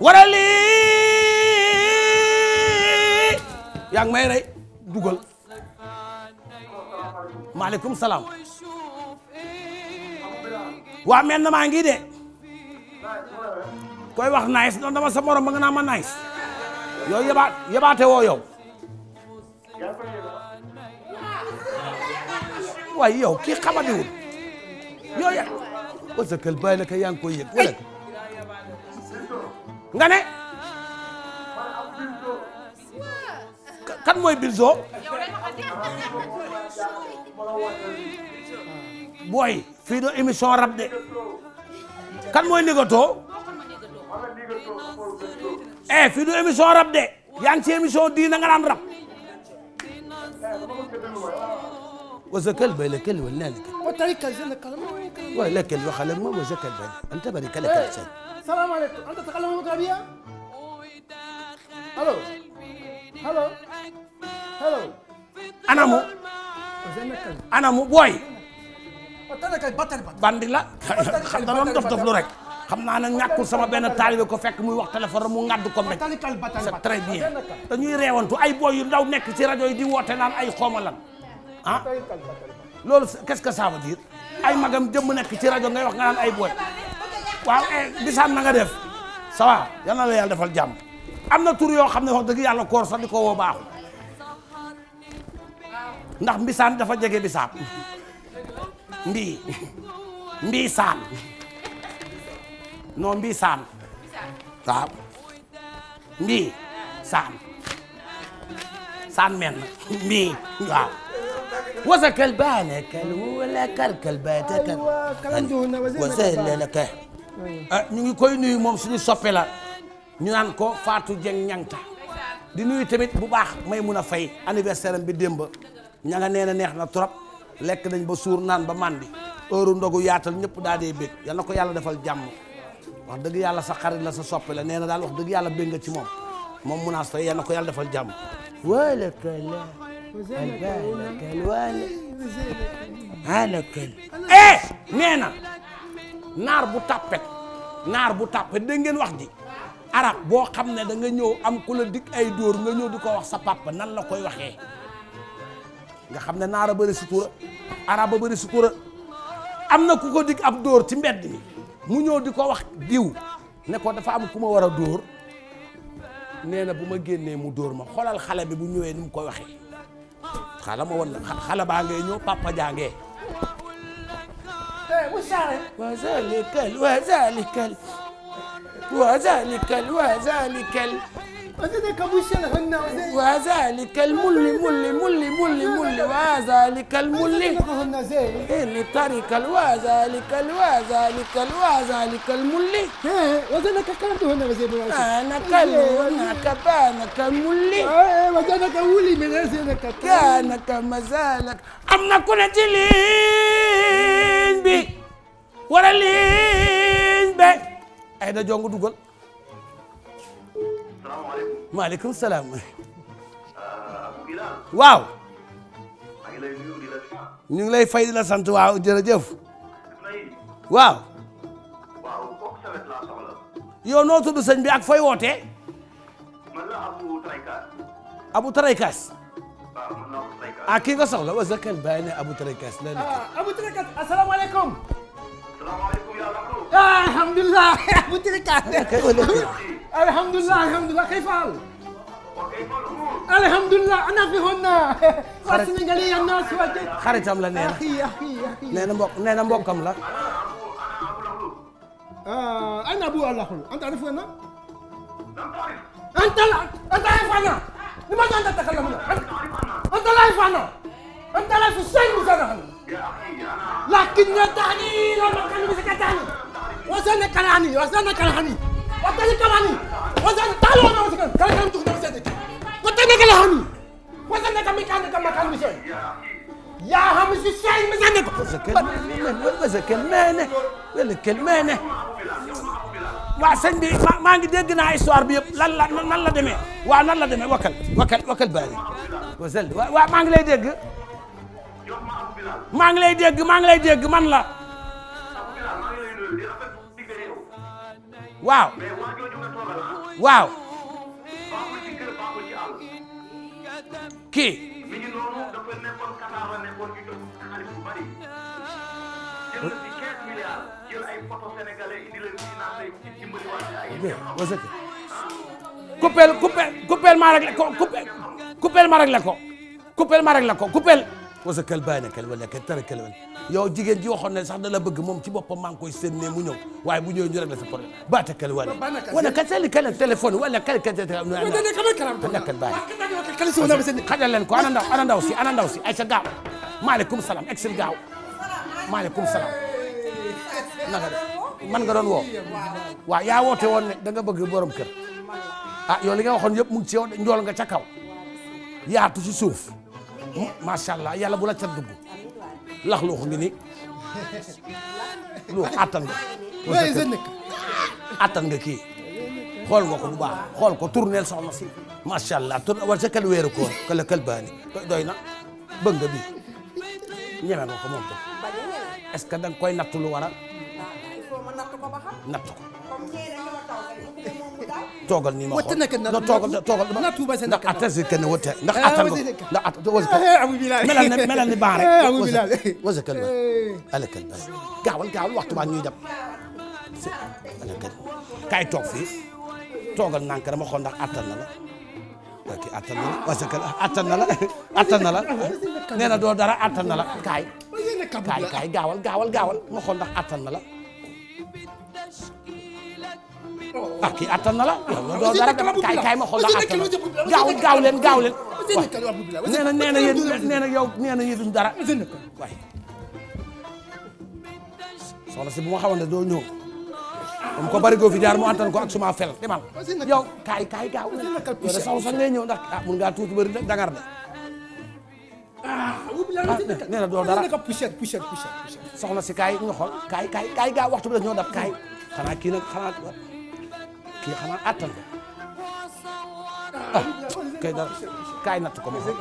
wala ligne yaa ngi may rey dugal maaleykum salaam waa mel na maa ngi de koy wax nice noonu dama sa morom ba nga naa ma nice yow yaba yabaate woo yow. waaye yow kii xamadiwul yow ya wasakal bàyyi la ka yaa koy yëg wala nga ne. kan mooy Bilzo. booy fii do émission rab de kan mooy Nigoto. eh fi du émission rab de yaa ngi ci émission diina nga naan rab وزكال بيلكل والنالك وطريقة زلك ولكن وخلم وزكال بيل أنت بريك لك الإنسان السلام عليكم أنت تتكلم بالعربية؟ ألو ألو ألو أنا مو أنا مو بوي بطل بطل بطل بطل بطل بطل بطل بطل بطل بطل بطل xam naa nag ñàkkul sama benn taalibe ko fekk muy wax téléphone mu ngàdd ko mbéj c'est très bien dañuy reewantu ay boy yu ndaw nekk ci rajo yi di woote naan ay xoomalan ah loolu qu'est-ce que ça veut ay magam jëmm nekk ci rajo ngay wax nga naan ay booy waaw eh, bisaan na nga def ça va yal na la yàlla defal jàmm am na tur yoo xam ne wax dëgg yàlla koor sax di ko woo baaxul ndax mbisaan dafa jege bisaab mbii mbii non mbi saan waaw mbi saan saan men mbi waaw wasakal baalakal walakal kal baatakal wasala laka ñu ngi koy nuyu moom suñu soppe la ñu naan ko faatu Dieng ñangta di nuyu tamit bu baax may mun a fay anniversaire am bi démb ña nga na neex na trop lekk nañ ba suur naan ba màndi heure ndogu yaatal ñëpp daal dee bég yal na ko yàlla defal jàmm wax dëgg yàlla sa xarit la sa soppe la nee na daal wax dëgg yàlla bëgg ci moom moom Mounass tey yal na ko yàlla defal jàmm. wala kala wala kala wala. Eh, na naar bu tàppet naar bu tàppet dégg ngeen wax ji arab boo xam ne danga nga ñëw am ku la dig ay dóor nga ñëw di ko wax sa papa nan la koy waxee nga xam ne naar a bëri sutura arab a bëri sutura am na ku ko dig ab dóor ci mbedd mi. mu ñëw di ko wax diw ne ko dafa am ku ma war a dóor nee na bu ma génnee mu dóor ma xoolal xale bi bu ñëwee ni mu ko waxee xala ma woon la xale baa ngay ñëw papa jàngee eh, wa zalikal wa zalikal wa zalikal wa zalikal وزدك بشهن وزين وذلك المل مل مل مل مل وذلك المل لترك وذلك وذلك وذلك المل وزنك كردهن وزين أنا كلهن كبانك المل وزنك ولي من أزنك كانك مزالك أم نكون جلين بي ورا لين بي أيدا جونغ دوغل maaleykum salaam. waaw. ñu ngi lay fay di la sant waaw jërëjëf. waaw. yow noo tudd sëñ bi ak fooy wootee. Abu Taraykas. ah kii nga soxla wa zakal bàyyi ne Abu Taraykas la nekk. Ah, Abu Taraykas asalaamaaleykum. asalaamaaleykum. alhamdulillah bu tirikaat alhamdulillah alhamdulillah كيف الحال؟ الحمد لله أنا في هنا سنغالي الناس وجد xaritam la nee na أخي أخي أخي nee na mbokk nee na mbokkam la أنا أبو الأخل أنت تعرف أنا؟ أنت لا أنت تعرف أنا لماذا أنت تتكلم هنا؟ أنت لا تعرف أنا أنت لا تشيء مثل هذا لكن دعني لما كان بسكتني 원산에 가라 하니 원산에 가라 하니 왔다니 가라니 원산에 달로 나오지 간 가라 좀 나오지 돼 왔다니 가라 하니 원산에 가면 가는 가면 가는 거지 يا هم الشاي مزنك مسكن kel maane waa sëñ maa ngi dégg naa histoire bi yëpp lan la nan la demee waaw nan la demee wakkal wakkal wakkal maa ngi lay dégg maa ngi lay dégg maa ngi lay man la waaw waaw kii coupel coupel coupel ma rek la ko coupel ma la ko coupel wasa kalbaanakal wala ka tarakal wala yow jigéen ji waxoon ne sax dala bëgg moom ci boppam maa ngi koy sénnee mu ñëw waaye bu ñëwee ñu rek la sa problème baatakal wala wala ka sali kala téléphone wala kala ka nakal baane xajal leen ko ana ndaw ndaw si ana ndaw ay sa gaaw maaleykum salaam ak seen gaaw maaleykum salaam naka def man nga doon woo waaw yaa woote woon ne da nga bëgg borom kër ah yow li nga waxoon yëpp mu ngi ci yow njool nga ca kaw yaatu ci suuf Eh, macha allah yàlla bu la cat dugg lax luux ngi ni lu attan nga. attan nga kii xool nga ko bu baax xool ko tournel soxna si macha allah tur wala sa kal weeru koor kala kal baani doy na bëgg nga bii ñeme nga ko moom tam est-ce que danga koy nattu lu waral. Ah, nattu ko. toogal nii ma xool non toogal toogal ndax atta si kenn wëtte ndax eh, attan ko ndax atta eh, melal ne melal ne baax rek wasa kan la ala kan la gaawal gaawal waxtu baa ñuy dab ala kan kaay toog fii toogal nànk xool ndax attan na la ok attan la wasa na la na la nee na doo dara attan na la kay kaay kaay gaawal gaawal gaawal ma xool ndax attan na la ah ki attan na la. doo dara kaay kaay ma xool la attan na gaaw gaaw leen gaaw nee na nee na yéen nee na dara. soxna si bu ma xamoon doo ñëw. comme ko bari goo fi jaar mu attan ko ak suma fel demal yow kaay gaaw yow de soxna sax ngay ñëw ndax ah mun ngaa tuuti bëri nag dangar de. ah, ah na doo dara soxna si kaay nga xool kaay kaay kaay gaaw waxtu bi dañoo dab kaay xanaa kii nag xanaa. kii xanaa attan ko ah, kay natt ko ma xam.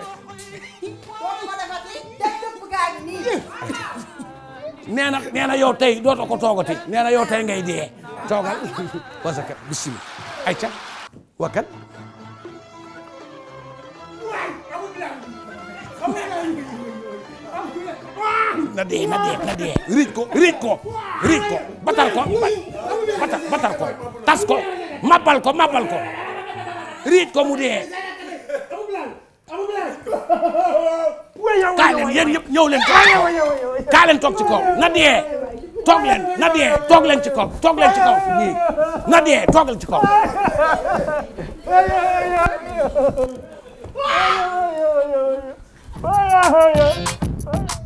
nee na yow tey dootoo ko toogati nee na yow tey ngay dee toogal wasa kat bisimilah ayca wakat na dee na na dee riij riij ko riij ko batar ko batar ko tas ko mabal ko mabal ko riit ko mu dee. kaa leen leen toog ci kaw na dee toog leen na dee toog leen ci toog leen ci kaw toogal ci kaw.